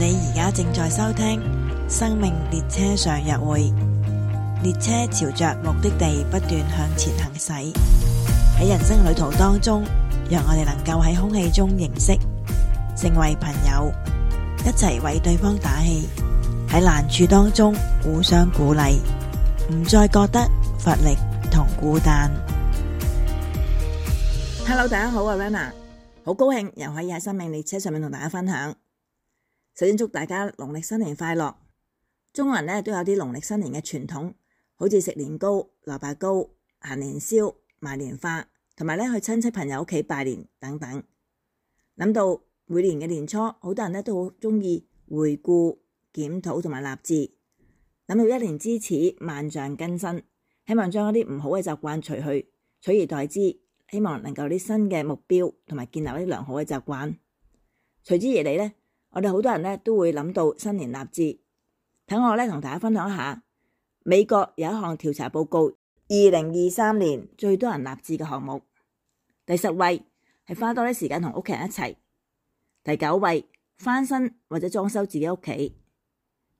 你而家正在收聽生命列車上入會，列車朝着目的地不斷向前行駛。喺人生旅途當中，讓我哋能夠喺空氣中認識，成為朋友，一齊為對方打氣。喺難處當中互相鼓勵，唔再覺得乏力同孤單。Hello，大家好啊，Rana，好高興又可以喺生命列車上面同大家分享。首先祝大家農曆新年快樂！中國人咧都有啲農曆新年嘅傳統，好似食年糕、蘿蔔糕、行年宵、買年花，同埋咧去親戚朋友屋企拜年等等。諗到每年嘅年初，好多人咧都好鍾意回顧、檢討同埋立志。諗到一年之始，萬象更新，希望將一啲唔好嘅習慣除去，取而代之，希望能夠有啲新嘅目標同埋建立一啲良好嘅習慣。隨之而嚟呢。我哋好多人咧都會諗到新年立志，等我咧同大家分享下。美國有一項調查報告，二零二三年最多人立志嘅項目，第十位係花多啲時間同屋企人一齊，第九位翻新或者裝修自己屋企，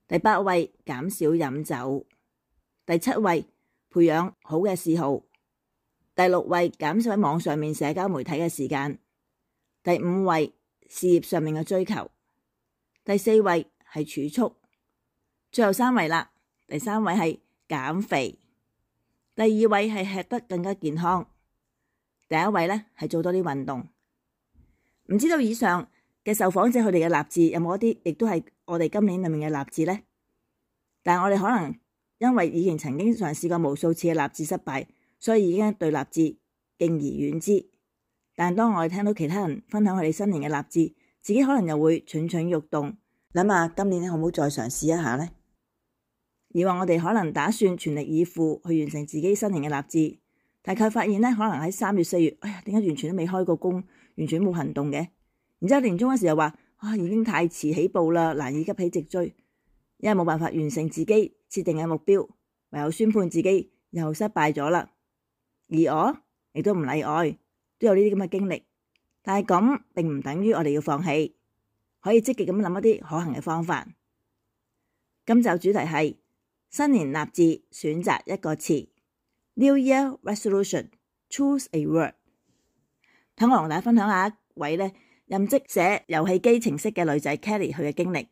第八位減少飲酒，第七位培養好嘅嗜好，第六位減少喺網上面社交媒體嘅時間，第五位事業上面嘅追求。第四位係儲蓄，最後三位啦。第三位係減肥，第二位係吃得更加健康，第一位咧係做多啲運動。唔知道以上嘅受訪者佢哋嘅立志有冇一啲，亦都係我哋今年裏面嘅立志咧？但係我哋可能因為以前曾經嘗試過無數次嘅立志失敗，所以已經對立志敬而遠之。但係當我哋聽到其他人分享佢哋新年嘅立志，自己可能又會蠢蠢欲動，諗下今年咧可唔可以再嘗試一下呢？而話我哋可能打算全力以赴去完成自己新年嘅立志，但係發現呢，可能喺三月四月，哎呀，點解完全都未開過工，完全冇行動嘅？然之後年終嗰時候又話啊，已經太遲起步啦，難以急起直追，因為冇辦法完成自己設定嘅目標，唯有宣判自己又失敗咗啦。而我亦都唔例外，都有呢啲咁嘅經歷。但係咁並唔等於我哋要放棄，可以積極咁諗一啲可行嘅方法。今集主題係新年立志，選擇一個詞。New Year Resolution，Choose a Word。等我同大家分享一下一位呢任職寫遊戲機程式嘅女仔 Kelly 佢嘅經歷。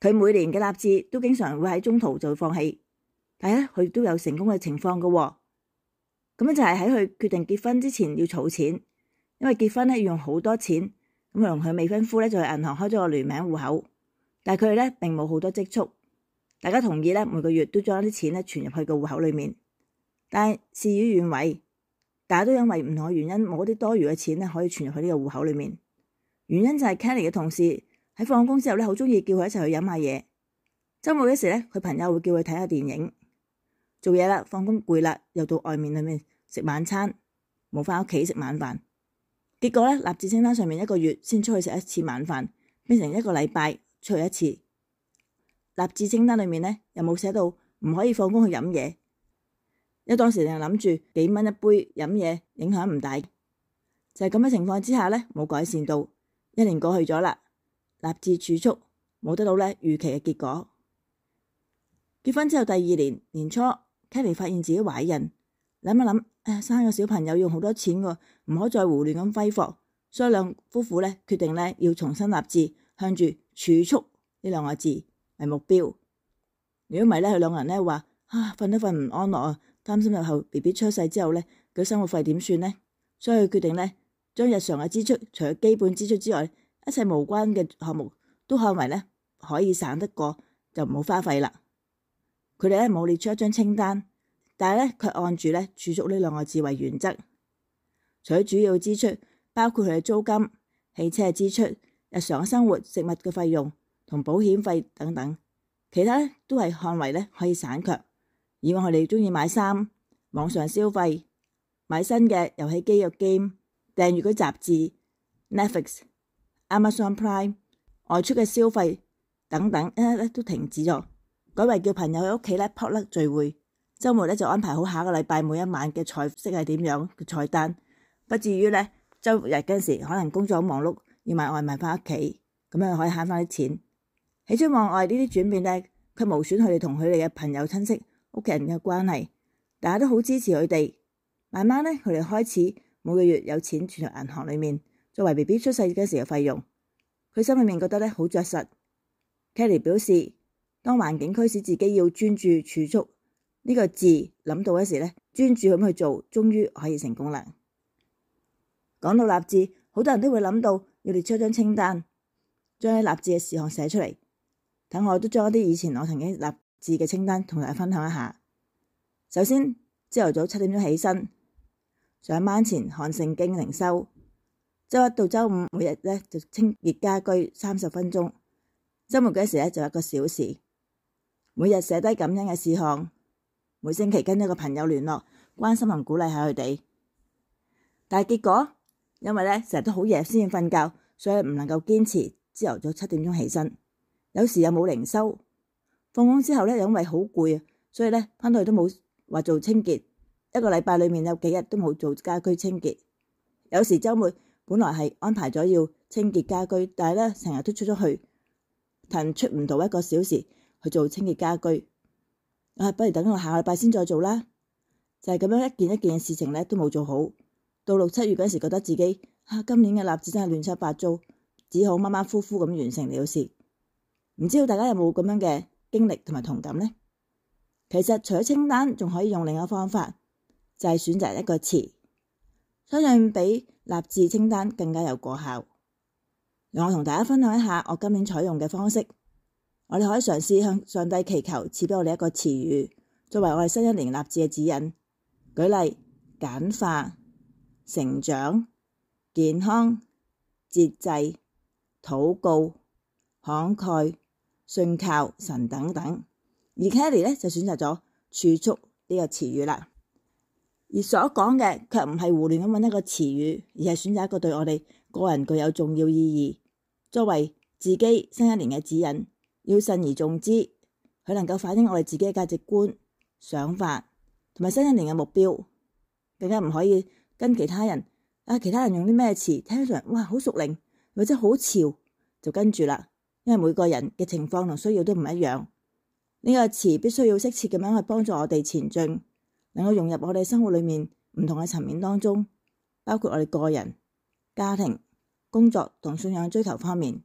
佢每年嘅立志都經常會喺中途就會放棄，但係咧佢都有成功嘅情況嘅、哦。咁咧就係喺佢決定結婚之前要儲錢。因為結婚咧要用好多錢，咁佢同佢未婚夫咧就喺銀行開咗個聯名戶口，但係佢哋咧並冇好多積蓄。大家同意咧，每個月都將啲錢咧存入去個戶口裏面，但係事與願違，大家都因為唔同嘅原因冇啲多餘嘅錢咧可以存入去呢個戶口裏面。原因就係 Kelly 嘅同事喺放工之後咧好鍾意叫佢一齊去飲下嘢，周末嘅時咧佢朋友會叫佢睇下電影，做嘢啦，放工攰啦，又到外面裏面食晚餐，冇返屋企食晚飯。結果呢，立志清單上面一個月先出去食一次晚飯，變成一個禮拜出去一次。立志清單裡面呢，又冇寫到唔可以放工去飲嘢，因為當時淨係諗住幾蚊一杯飲嘢影響唔大，就係咁嘅情況之下呢，冇改善到。一年過去咗啦，立志儲蓄冇得到呢預期嘅結果。結婚之後第二年年初，Kelly 發現自己懷孕。諗一諗，生個小朋友用好多錢嘅，唔可再胡亂咁揮霍，所以兩夫婦咧決定咧要重新立志，向住儲蓄呢兩個字為目標。如果唔係咧，佢兩個人咧話啊，瞓都瞓唔安樂啊，擔心日後 BB 出世之後咧，佢生活費點算咧？所以佢決定咧，將日常嘅支出，除咗基本支出之外，一切無關嘅項目都看為咧可以省得過就唔好花費啦。佢哋咧冇列出一張清單。但係咧，卻按住咧，儲蓄呢兩個字為原則，除咗主要支出，包括佢嘅租金、汽車嘅支出、日常生活、食物嘅費用同保險費等等，其他咧都係看為咧可以省卻。以往我哋中意買衫、網上消費、買新嘅遊戲機、嘅 game 訂閱嘅雜誌、Netflix、Amazon Prime、外出嘅消費等等，一啲咧都停止咗，改為叫朋友喺屋企咧 Potluck 聚會。周末咧就安排好下一個禮拜每一晚嘅菜式係點樣嘅菜單，不至於咧周日嗰陣時可能工作好忙碌，要買外賣翻屋企，咁樣可以慳翻啲錢。喜出望外，呢啲轉變咧，佢無損佢哋同佢哋嘅朋友、親戚、屋企人嘅關係，大家都好支持佢哋。慢慢咧，佢哋開始每個月有錢存入銀行裏面，作為 B B 出世嗰陣時嘅費用。佢心裏面覺得咧好着實。Kelly 表示，當環境驅使自己要專注儲蓄。呢個字諗到嘅時咧，專注咁去做，終於可以成功啦。講到立志，好多人都會諗到要列出一張清單，將啲立志嘅事項寫出嚟。等我都將一啲以前我曾經立志嘅清單同大家分享一下。首先，朝頭早七點鐘起身，上班前看聖經靈修。周一到周五每日咧就清潔家居三十分鐘，周末嘅時咧就一個小時。每日寫低感恩嘅事項。每星期跟一個朋友聯絡，關心同鼓勵下佢哋，但係結果因為咧成日都好夜先瞓覺，所以唔能夠堅持朝頭早七點鐘起身。有時又冇靈修，放工之後咧，因為好攰啊，所以咧翻到去都冇話做清潔。一個禮拜裏面有幾日都冇做家居清潔。有時周末本來係安排咗要清潔家居，但係咧成日都出咗去，騰出唔到一個小時去做清潔家居。啊，不如等我下個禮拜先再做啦。就係、是、咁樣一件一件嘅事情咧，都冇做好。到六七月嗰時，覺得自己吓、啊、今年嘅立志真係亂七八糟，只好馬馬虎虎咁完成了事。唔知道大家有冇咁樣嘅經歷同埋同感呢？其實除咗清單，仲可以用另一個方法，就係、是、選擇一個詞，相信比立志清單更加有果效。讓我同大家分享一下我今年採用嘅方式。我哋可以嘗試向上帝祈求賜畀我哋一個詞語，作為我哋新一年立志嘅指引。舉例：簡化、成長、健康、節制、禱告、慷慨、信靠神等等。而 Kelly 咧就選擇咗儲蓄呢個詞語啦。而所講嘅卻唔係胡亂咁揾一個詞語，而係選擇一個對我哋個人具有重要意義，作為自己新一年嘅指引。要慎而重之，佢能夠反映我哋自己嘅價值觀、想法同埋新一年嘅目標，更加唔可以跟其他人。啊，其他人用啲咩詞聽起上嚟，嘩好屬靈，或者好潮，就跟住啦。因為每個人嘅情況同需要都唔一樣，呢、這個詞必須要適切咁樣去幫助我哋前進，能夠融入我哋生活裡面唔同嘅層面當中，包括我哋個人、家庭、工作同信仰追求方面。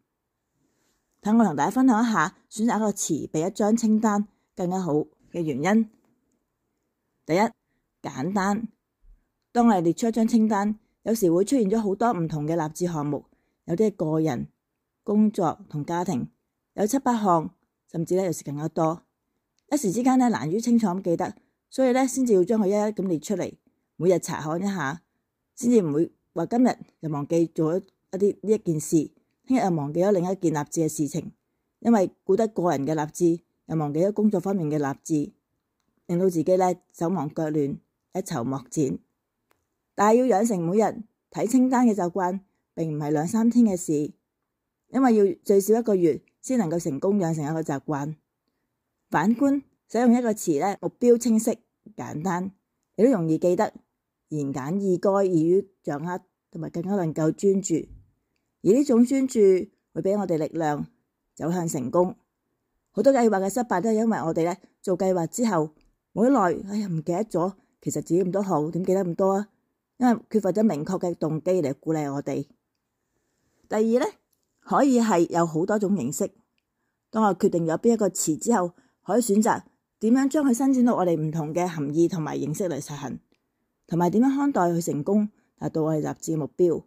讓我同大家分享一下，選擇一個詞比一張清單更加好嘅原因。第一，簡單。當我哋列出一張清單，有時會出現咗好多唔同嘅立志項目，有啲係個人工作同家庭，有七八項，甚至咧又係更加多，一時之間咧難以清楚咁記得，所以咧先至要將佢一一咁列出嚟，每日查看一下，先至唔會話今日就忘記做一啲呢件事。聽日又忘記咗另一件立志嘅事情，因為顧得個人嘅立志，又忘記咗工作方面嘅立志，令到自己咧手忙腳亂，一籌莫展。但係要養成每日睇清單嘅習慣，並唔係兩三天嘅事，因為要最少一個月先能夠成功養成一個習慣。反觀使用一個詞咧，目標清晰簡單，亦都容易記得，言簡意賅，易於掌握，同埋更加能夠專注。而呢種專注會畀我哋力量走向成功。好多計劃嘅失敗都係因為我哋咧做計劃之後冇幾耐，哎呀唔記得咗，其實自己咁多好點記得咁多啊？因為缺乏咗明確嘅動機嚟鼓勵我哋。第二咧可以係有好多種形式。當我決定咗邊一個詞之後，可以選擇點樣將佢伸展到我哋唔同嘅含義同埋形式嚟實行，同埋點樣看待佢成功，達到我哋立志嘅目標。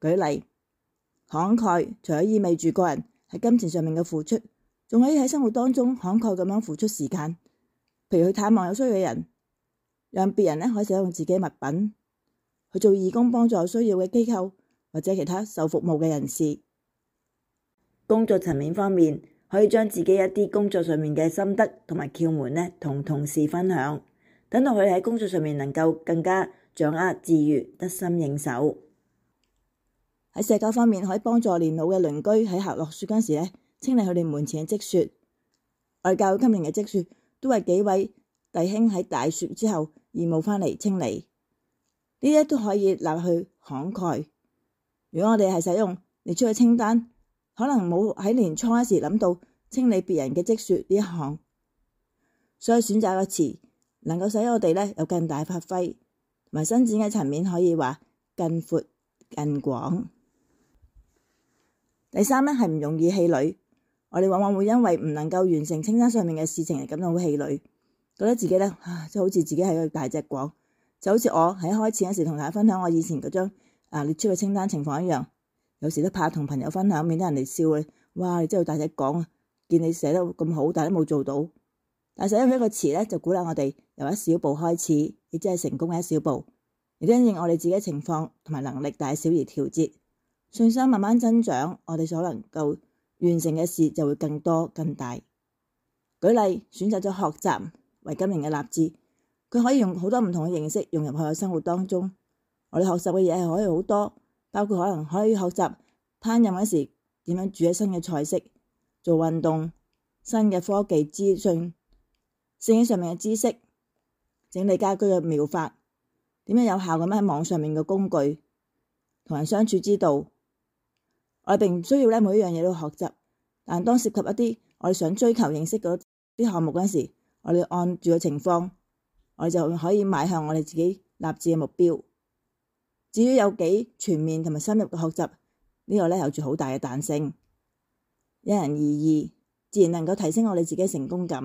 舉例。慷慨，除咗意味住個人喺金錢上面嘅付出，仲可以喺生活當中慷慨咁樣付出時間，譬如去探望有需要嘅人，讓別人咧可以使用自己物品，去做義工幫助需要嘅機構或者其他受服務嘅人士。工作層面方面，可以將自己一啲工作上面嘅心得同埋竅門咧，同同事分享，等到佢哋喺工作上面能夠更加掌握自如，得心應手。喺社交方面可以幫助年老嘅鄰居喺下落雪嗰時咧清理佢哋門前嘅積雪。外教今年嘅積雪都係幾位弟兄喺大雪之後義務翻嚟清理，呢啲都可以立去慷慨。如果我哋係使用列出嘅清單，可能冇喺年初一時諗到清理別人嘅積雪呢一項，所以選擇一個詞能夠使我哋咧有更大發揮，同埋伸展嘅層面可以話更闊更廣。第三咧係唔容易氣餒，我哋往往會因為唔能夠完成清單上面嘅事情而感到好氣餒，覺得自己咧啊即係好似自己係個大隻講，就好似我喺開始嗰時同大家分享我以前嗰張啊列出嘅清單情況一樣，有時都怕同朋友分享，免得人哋笑你，哇！你真係大隻講，見你寫得咁好，但係都冇做到。但係寫一個詞咧就鼓勵我哋由一小步開始，亦即係成功嘅一小步，亦都因應我哋自己嘅情況同埋能力大小而調節。信心慢慢增長，我哋所能夠完成嘅事就會更多更大。舉例，選擇咗學習為今年嘅立志，佢可以用好多唔同嘅形式融入我嘅生活當中。我哋學習嘅嘢係可以好多，包括可能可以學習烹飪嗰時點樣煮一新嘅菜式，做運動、新嘅科技資訊、聖經上面嘅知識，整理家居嘅妙法，點樣有效咁喺網上面嘅工具同人相處之道。我哋並唔需要咧，每一樣嘢都學習，但當涉及一啲我哋想追求認識嗰啲項目嗰陣時，我哋按住個情況，我哋就可以邁向我哋自己立志嘅目標。至於有幾全面同埋深入嘅學習，呢個咧有住好大嘅彈性，因人而異，自然能夠提升我哋自己嘅成功感。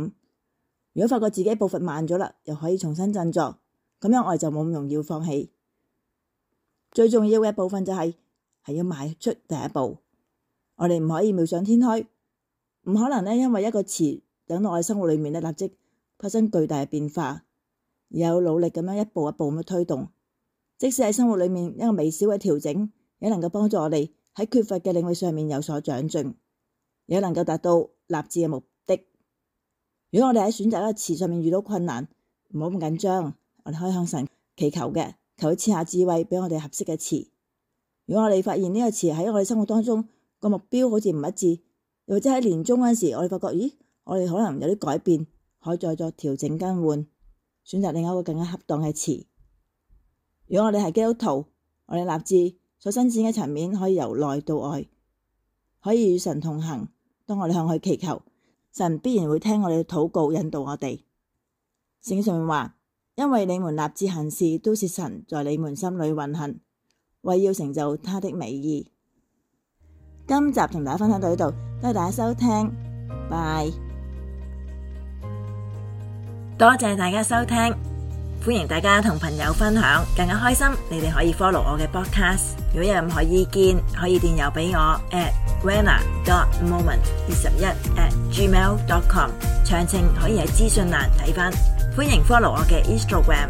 如果發覺自己步伐慢咗啦，又可以重新振作，咁樣我哋就冇咁容易放棄。最重要嘅一部分就係。係要邁出第一步，我哋唔可以妙想天開，唔可能咧，因為一個詞，等到我哋生活裏面咧立即發生巨大嘅變化。而有努力咁樣一步一步咁樣推動，即使喺生活裏面一個微小嘅調整，也能夠幫助我哋喺缺乏嘅領域上面有所長進，也能夠達到立志嘅目的。如果我哋喺選擇一個詞上面遇到困難，唔好咁緊張，我哋可以向神祈求嘅，求佢賜下智慧俾我哋合適嘅詞。如果我哋發現呢個詞喺我哋生活當中個目標好似唔一致，又或者喺年中嗰陣時，我哋發覺咦，我哋可能有啲改變，可以再作調整更換，選擇另一個更加恰當嘅詞。如果我哋係基督徒，我哋立志所伸展嘅層面，可以由內到外，可以與神同行。當我哋向佢祈求，神必然會聽我哋嘅禱告，引導我哋。聖經上面話：因為你們立志行事，都是神在你們心裏運行，為要成就他的美意，今集同大家分享到呢度，多謝大家收聽，拜拜，多謝大家收聽，歡迎大家同朋友分享，更加開心。你哋可以 follow 我嘅 podcast，如果有任何意見，可以電郵俾我 at rana dot moment 二十一 at gmail dot com，詳情可以喺資訊欄睇返。歡迎 follow 我嘅 Instagram